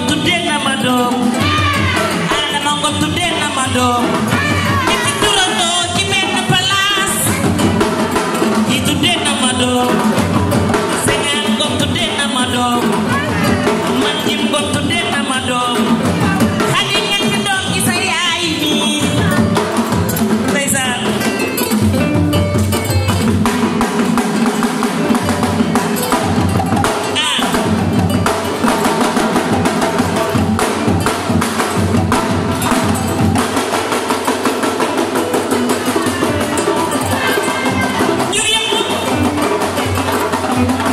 manggot today na madam. Ana manggot today na madam. Thank you.